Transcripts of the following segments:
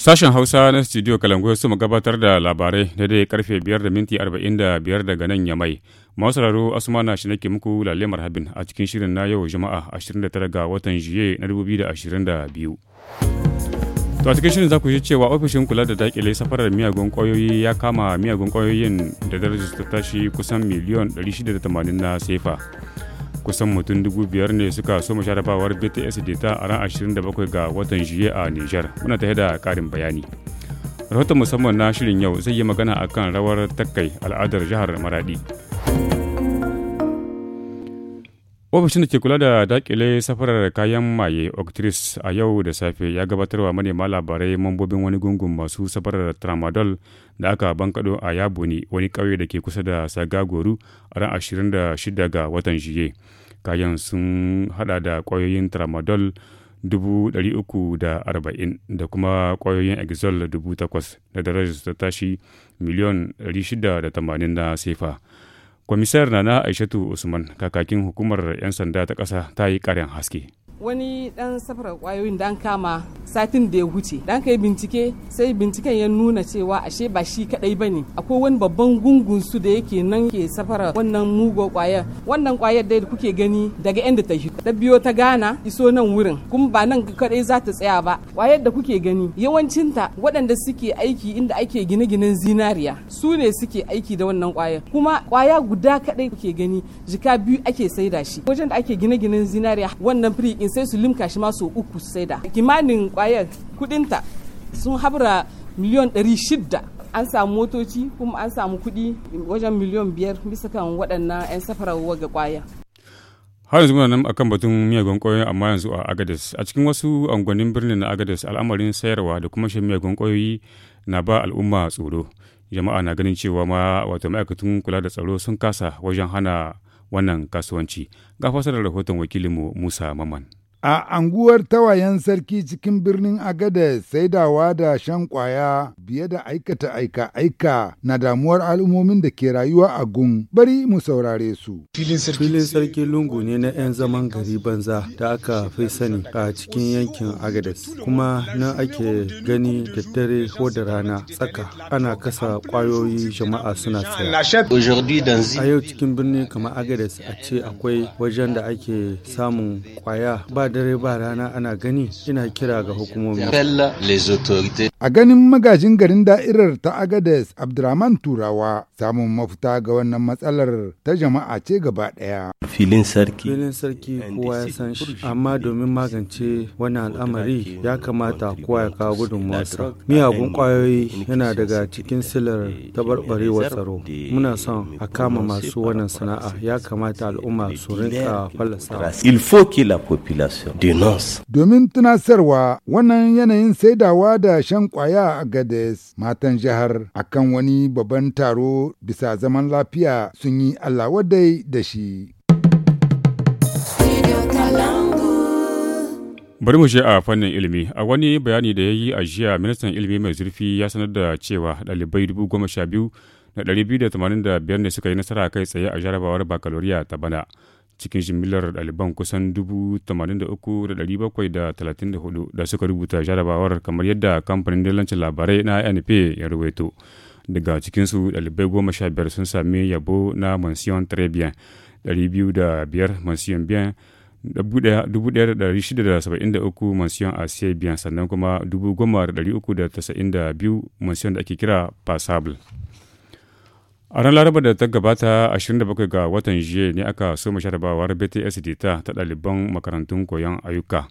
Sashen Hausa na Studio Kalangoyo su gabatar da labarai da dai karfe 5 da minti 45 daga nan ya mai. Masararo Asmana shi nake muku lalle marhabin a cikin shirin na yau Juma'a 29 ga watan Juye na 2022. To a cikin shirin za ku ji cewa ofishin kula da dakile safarar miyagun kwayoyi ya kama miyagun kwayoyin da darajar ta tashi kusan miliyon 680 na sefa. kusan mutum dubu biyar ne suka soma jarabawar bts data a ran 27 ga watan juye a niger muna tare da karin bayani rahoton musamman na shirin yau zai yi magana akan rawar takai al'adar jihar maradi ofishin da ke kula da dakile safarar kayan maye octris a yau da safe ya gabatarwa manema labarai mambobin wani gungun masu safarar tramadol da aka bankado a yabuni wani ƙauye da ke kusa da sagagoru a ran 26 ga watan juye kayan sun hada da ƙwayoyin tramadol 340 da kuma ƙwayoyin exol 8,000 da darajar ta tashi miliyan 680 na sefa. kwamisar nana aishatu usman kakakin hukumar 'yan sanda ta ƙasa ta yi ƙarin haske wani dan safarar kwayoyin dan kama satin da ya huce dan kai bincike sai binciken ya nuna cewa ashe ba shi kadai ba ne akwai wani babban gungun su da yake nan ke safara wannan mugo kwayar wannan kwayar da kuke gani daga inda ta hito ta biyo ta gana iso nan wurin kuma ba nan kadai za ta tsaya ba kwayar da kuke gani ta waɗanda suke aiki inda ake gine-ginen zinariya su ne suke aiki da wannan kwayar kuma kwaya guda kadai kuke gani jika biyu ake saida shi wajen da ake gine-ginen zinariya wannan free sai su limka shi ma uku sai da kimanin kwayar kudinta sun habra miliyon 600 an samu motoci kuma an samu kudi wajen miliyon biyar bisa kan waɗannan 'yan safararwa waga kwaya har yanzu muna nan akan batun miyagun amma yanzu a agadas a cikin wasu angonin birnin na agadas al'amarin sayarwa da kuma shan miyagun na ba al'umma tsoro jama'a na ganin cewa ma wato ma'aikatan kula da tsaro sun kasa wajen hana wannan kasuwanci ga fasarar rahoton wakilinmu musa maman A anguwar tawayen sarki cikin birnin agade saidawa da shan kwaya biye da aikata aika-aika na damuwar al'ummomin da ke rayuwa a gun bari mu saurare su. Filin sarki lungu ne na 'yan zaman gari banza da aka fi sani a cikin yankin Agades kuma nan ake gani da dare ko da rana tsaka ana kasa kwayoyi jama'a suna saya. A yau cikin birni kamar Agades a ce akwai wajen da ake samun kwaya ba dare ba rana ana gani ina kira ga hukumomi. A ganin magajin garin da'irar ta Agades Abdurrahman Turawa samun mafita ga wannan matsalar ta jama'a ce gaba ɗaya. Filin sarki. Filin sarki kowa ya san shi amma domin magance wannan al'amari ya kamata kowa ya kawo gudunmawarsa. Miyagun kwayoyi yana daga cikin silar tabarbarewar tsaro. Muna son a kama masu wannan sana'a ya kamata al'umma su rinka fallasa. Il faut que la population Domin tunasarwa wannan yanayin saidawa da shan kwaya a Gades matan jihar akan wani babban taro bisa zaman lafiya sun yi Allah da shi. bari mu je a fannin ilimi a wani bayani da ya yi a jiya ministan ilimi mai zurfi ya sanar da cewa ɗalibai biyar ne suka yi nasara kai tsaye a jarabawar bakaloriya ta bana cikin jimillar ɗaliban kusan 83,734 da suka rubuta jarabawar kamar yadda kamfanin dalancin labarai na np ya rubaito. daga cikinsu ɗalibai goma sha biyar sun sami yabo na mansion trebian 205 mansion bien 1673 mansiyon asie bien sannan kuma 10,392 mansion da ake kira passable A ran Laraba da ta gabata 27 ga watan jiya ne aka soma sharabawar BTSD ta ta ɗaliban makarantun koyon ayyuka.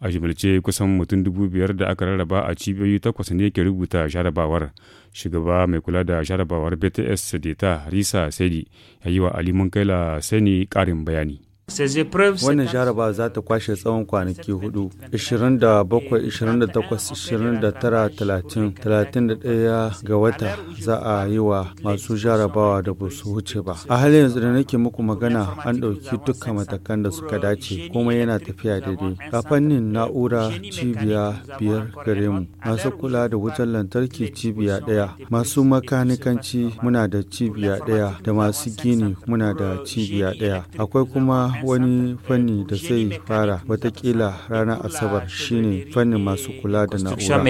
A jimilce kusan mutum dubu biyar da aka rarraba a cibiyoyi takwas ne ke rubuta sharabawar. Shugaba mai kula da sharabawar BTSD ta Risa Sedi ya yi wa Ali Munkaila Sani ƙarin bayani. Wannan jaraba za ta kwashe tsawon kwanaki hudu, 27, 28, 29, 30, 31 ga wata za a yi wa masu jarabawa da ba su wuce ba. A halin yanzu da nake muku magana an ɗauki duka matakan da suka dace, kuma yana tafiya daidai. kafannin: na'ura cibiya biyar gare mu, masu kula da wutar lantarki cibiya ɗaya, masu makanikanci muna da cibiya ɗaya, da masu gini muna da cibiya ɗaya. Akwai kuma wani fanni da zai fara watakila ranar asabar shine fannin masu kula da na'ura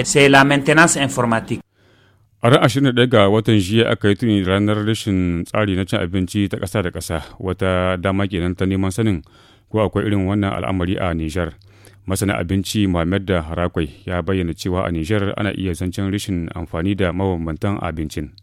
a ran 21 ga watan jiya aka yi tuni ranar rashin tsari na cin abinci ta kasa da kasa wata dama kenan ta neman sanin ko akwai irin wannan al'amari a nijar masana abinci muhammad da harakwai ya bayyana cewa a nijar ana iya zancen rashin amfani da mabambantan abincin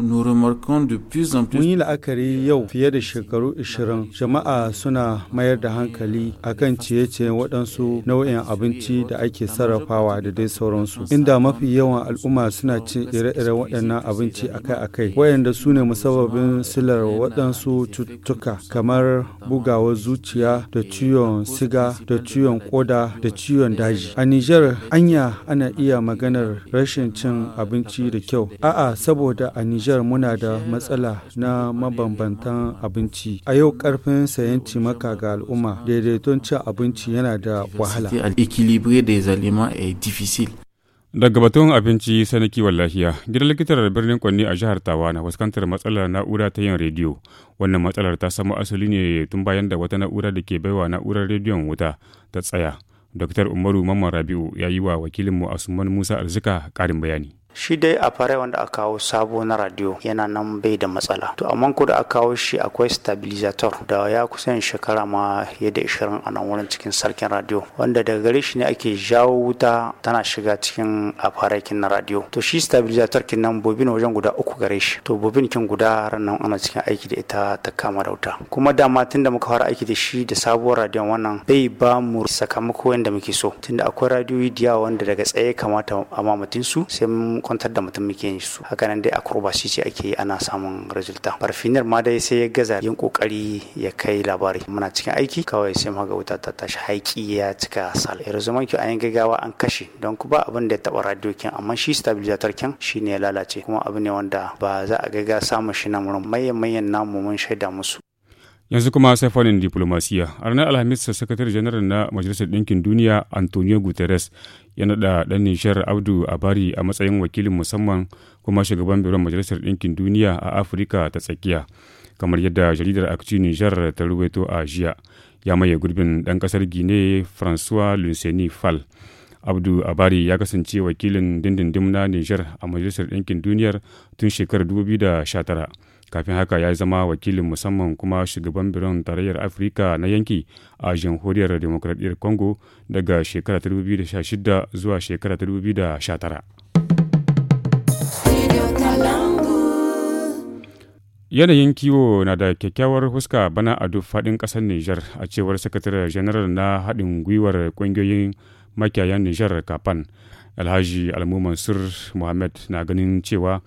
Mun yi la'akari yau fiye da shekaru 20 jama'a suna mayar da hankali akan ciye-ciyen waɗansu nau'in abinci da ake sarrafawa da dai sauransu. Inda mafi yawan al'umma suna cin ire-iren waɗannan abinci akai-akai, waɗanda su ne musababin silar waɗansu cututtuka kamar bugawar zuciya da ciwon siga da ciwon koda da ciwon daji. A Nijar anya ana iya maganar rashin cin abinci da kyau. A'a saboda a Nijar Nijar muna da matsala na mabambantan abinci. A yau karfin sayan cimaka ga al'umma daidaiton cin abinci yana da wahala. Daga batun abinci sai na kiwon lafiya, gidan likitar birnin Kwanne a jihar Tawa na fuskantar matsalar na'ura ta yin rediyo. Wannan matsalar ta samo asali ne tun bayan da wata na'ura da ke baiwa na'urar rediyon wuta ta tsaya. Dr. Umaru Mamman Rabi'u ya yi wa wakilinmu Asuman Musa Arzika ƙarin bayani. shi dai a fara wanda a kawo sabo na radio yana nan bai da matsala to amma ko da a kawo shi akwai stabilizator da ya kusan shekara ma fiye da ishirin a nan wurin cikin sarkin radio wanda daga gare shi ne ake jawo wuta tana shiga cikin afarakin na radio to shi stabilizator kin nan bobin wajen guda uku gare shi to bobin kin guda ranan ana cikin aiki da ita ta kama da wuta kuma dama tun da muka fara aiki da shi da sabuwar radio wannan bai ba mu sakamako yadda muke so tunda akwai radiyoyi da wanda daga tsaye kamata a mamatin su sai kwantar da mutum muke yin su haka nan dai acrobacy ce ake yi ana samun resulta barfinar ma dai sai ya gaza yin kokari ya kai labari muna cikin aiki kawai sai maga wuta ta tashi haiki ya cika sal ya zama ki an gaggawa an kashe don ku ba abin da ya taba radio kin amma shi stabilizator kin shine ya lalace kuma abu ne wanda ba za a gaga samun shi na murin mayan mayan namu mun shaida musu yanzu kuma sai fannin diplomasiya a ranar alhamis sakatare janar na majalisar ɗinkin duniya antonio guterres ya naɗa ɗan nishar abdu abari a matsayin wakilin musamman kuma shugaban biron majalisar ɗinkin duniya a afirka ta tsakiya kamar yadda jaridar akci nishar ta ruwaito a jiya ya maye gurbin ɗan ƙasar gine francois luceni fal abdu abari ya kasance wakilin dindindim na nishar a majalisar ɗinkin duniyar tun shekarar 2019 kafin haka ya zama wakilin musamman kuma shugaban biron tarayyar afirka na yanki a jamhuriyar demokradiyyar congo daga shekara 2016 zuwa shekara 2019 yanayin kiwo na da kyakkyawar huska bana a duk faɗin ƙasar niger a cewar sakataren janar na haɗin gwiwar ƙungiyoyin makiyayan niger kafan alhaji almu mansur muhammad na ganin cewa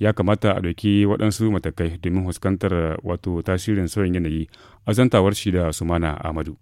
ya kamata a ɗauki waɗansu matakai domin fuskantar wato tasirin sauyin yanayi azantawar shi da Sumana Amadu.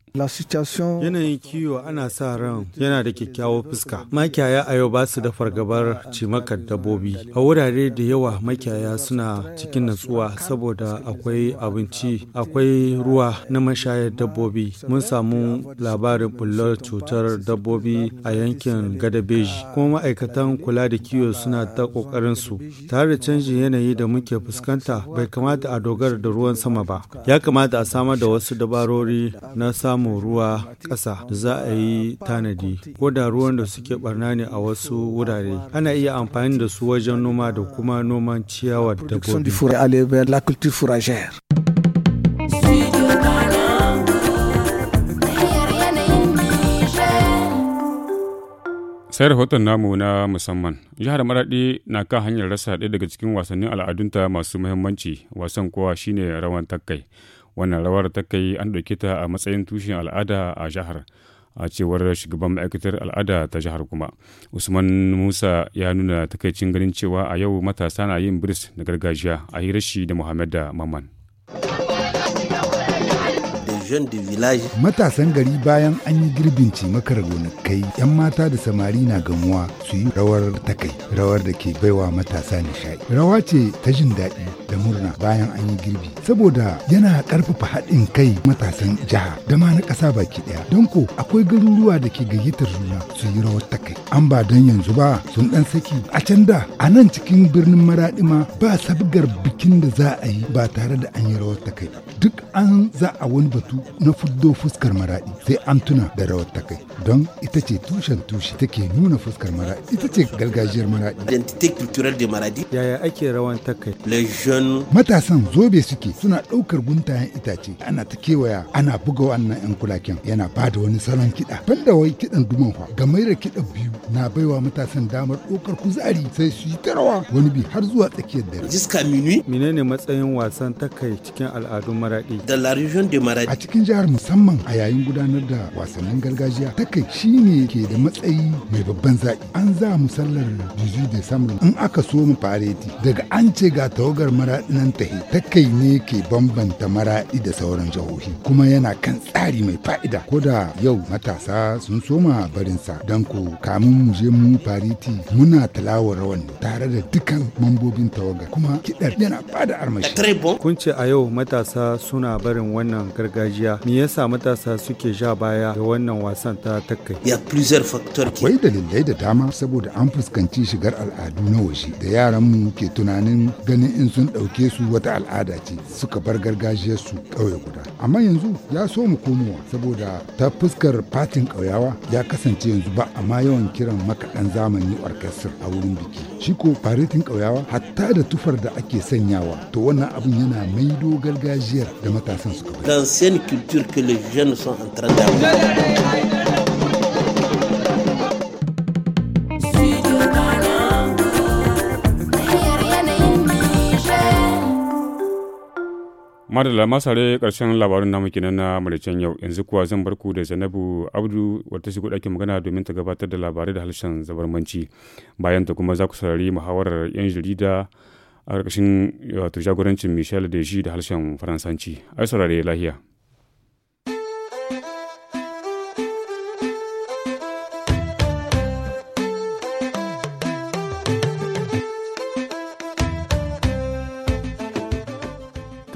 Yanayin kiwo ana sa ran yana da kyakkyawar fuska. Makiyaya a yau ba su da fargabar cimakar dabbobi. A wurare da yawa makiyaya suna cikin natsuwa saboda akwai abinci, akwai ruwa na mashayar dabbobi. Mun samu labarin bullar cutar dabbobi a yankin Gadabeji. Kuma ma'aikatan kula da kiwo suna ta kokarin su. Tare da canjin yanayi da muke fuskanta bai kamata a dogara da ruwan sama ba. Ya kamata a samar da wasu dabarori na samun ruwa ƙasa da za a yi tanadi ko da ruwan da suke barna ne a wasu wurare ana iya amfani da su wajen noma da kuma noman ciyawa da sai rahoton namu na musamman jihar maraɗi na kan hanyar rasa ɗaya daga cikin wasannin al'adunta masu muhimmanci wasan kowa shine rawan takai. wannan rawar ta kai an ɗauki ta a matsayin tushen al'ada a jihar a cewar shugaban ma'aikatar al'ada ta jihar kuma usman musa ya nuna takaicin ganin cewa a yau matasa na yin biris na gargajiya a hirashi da muhammad da maman village. Matasan gari bayan an yi girbin cimakar gonakai, 'yan mata da samari na gamuwa su yi rawar takai, rawar da ke baiwa matasa nishaɗi. Rawa ce ta jin daɗi da murna bayan an yi girbi, saboda yana ƙarfafa haɗin kai matasan jiha da ma na ƙasa baki ɗaya. Don ko akwai garuruwa da ke gayyatar juna su yi rawar takai. An ba don yanzu ba sun ɗan saki. A can da a nan cikin birnin Maraɗima ba sabgar bikin da za a yi ba tare da an yi rawar takai ba. Duk an za a wani batu na fuddo fuskar maraɗi sai an tuna da rawar ta kai don ita ce tushen tushe take nuna fuskar maraɗi ita ce gargajiyar maraɗi. Identité culturelle de maraɗi Yaya ake rawan ta kai? Les jeunes. Matasan zobe suke suna ɗaukar guntayen itace ana ta kewaya ana buga wannan 'yan kulaken yana ba da wani salon kiɗa. Banda wai kiɗan duman fa game da kiɗan biyu na baiwa matasan damar ɗaukar kuzari sai su yi ta rawa wani bi har zuwa tsakiyar dare. Jiska minui. Menene matsayin wasan kai cikin al'adun maraɗi? Da la de maraɗi cikin jihar musamman a yayin gudanar da wasannin gargajiya takai kai shine ke da matsayi mai babban zaɓi an za musallar juju da samun in aka so mu fareti daga an ce ga tawagar maraɗi nan ta ta kai ne ke bambanta maraɗi da sauran jihohi kuma yana kan tsari mai fa'ida ko da yau matasa sun soma barinsa don ko kamun mu je mu fareti muna talawar rawan tare da dukkan mambobin tawagar kuma kiɗar yana bada armashi. Kun ce a yau matasa suna barin wannan gargajiya gargajiya me yasa matasa suke sha baya da wannan wasan ta takai akwai dalilai da dama saboda an fuskanci shigar al'adu na waje da yaran mu ke tunanin ganin in sun ɗauke su wata al'ada ce suka bar gargajiyar su ƙauye guda amma yanzu ya so mu komowa saboda ta fuskar fatin ƙauyawa ya kasance yanzu ba amma yawan kiran makaɗan zamani orchestra a wurin biki shi ko faretin ƙauyawa hatta da tufar da ake sanyawa to wannan abin yana maido gargajiyar da matasan suka bai culture que les jeunes sont en train d'avoir. Madalla masare karshen labarin namu kenan na Maricen yau yanzu kuwa zan bar ku da Zainabu Abdu wata shigo ɗakin magana domin ta gabatar da labarai da harshen zabarmanci bayan ta kuma za ku saurari muhawarar 'yan jarida a ƙarƙashin wato jagorancin michel deji da harshen faransanci ai saurare lahiya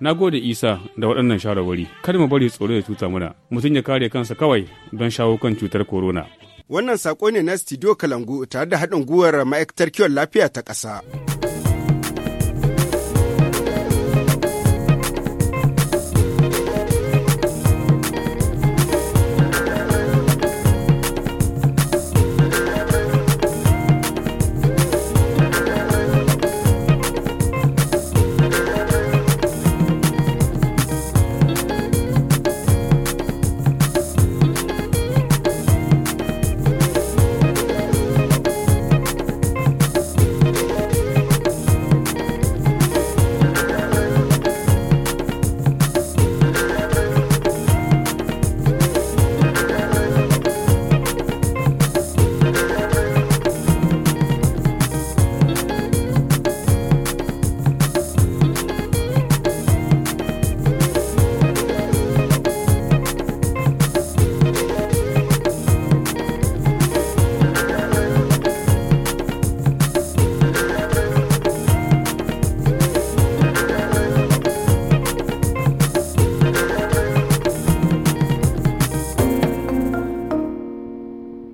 Na gode Isa da waɗannan shawarwari, kar mu bari tsoro ya cuta mana, mutum ya kare kansa kawai don shawo kan cutar corona. Wannan sako ne na Studio Kalangu tare da haɗin gwiwar ma'aikatar kiwon lafiya ta ƙasa.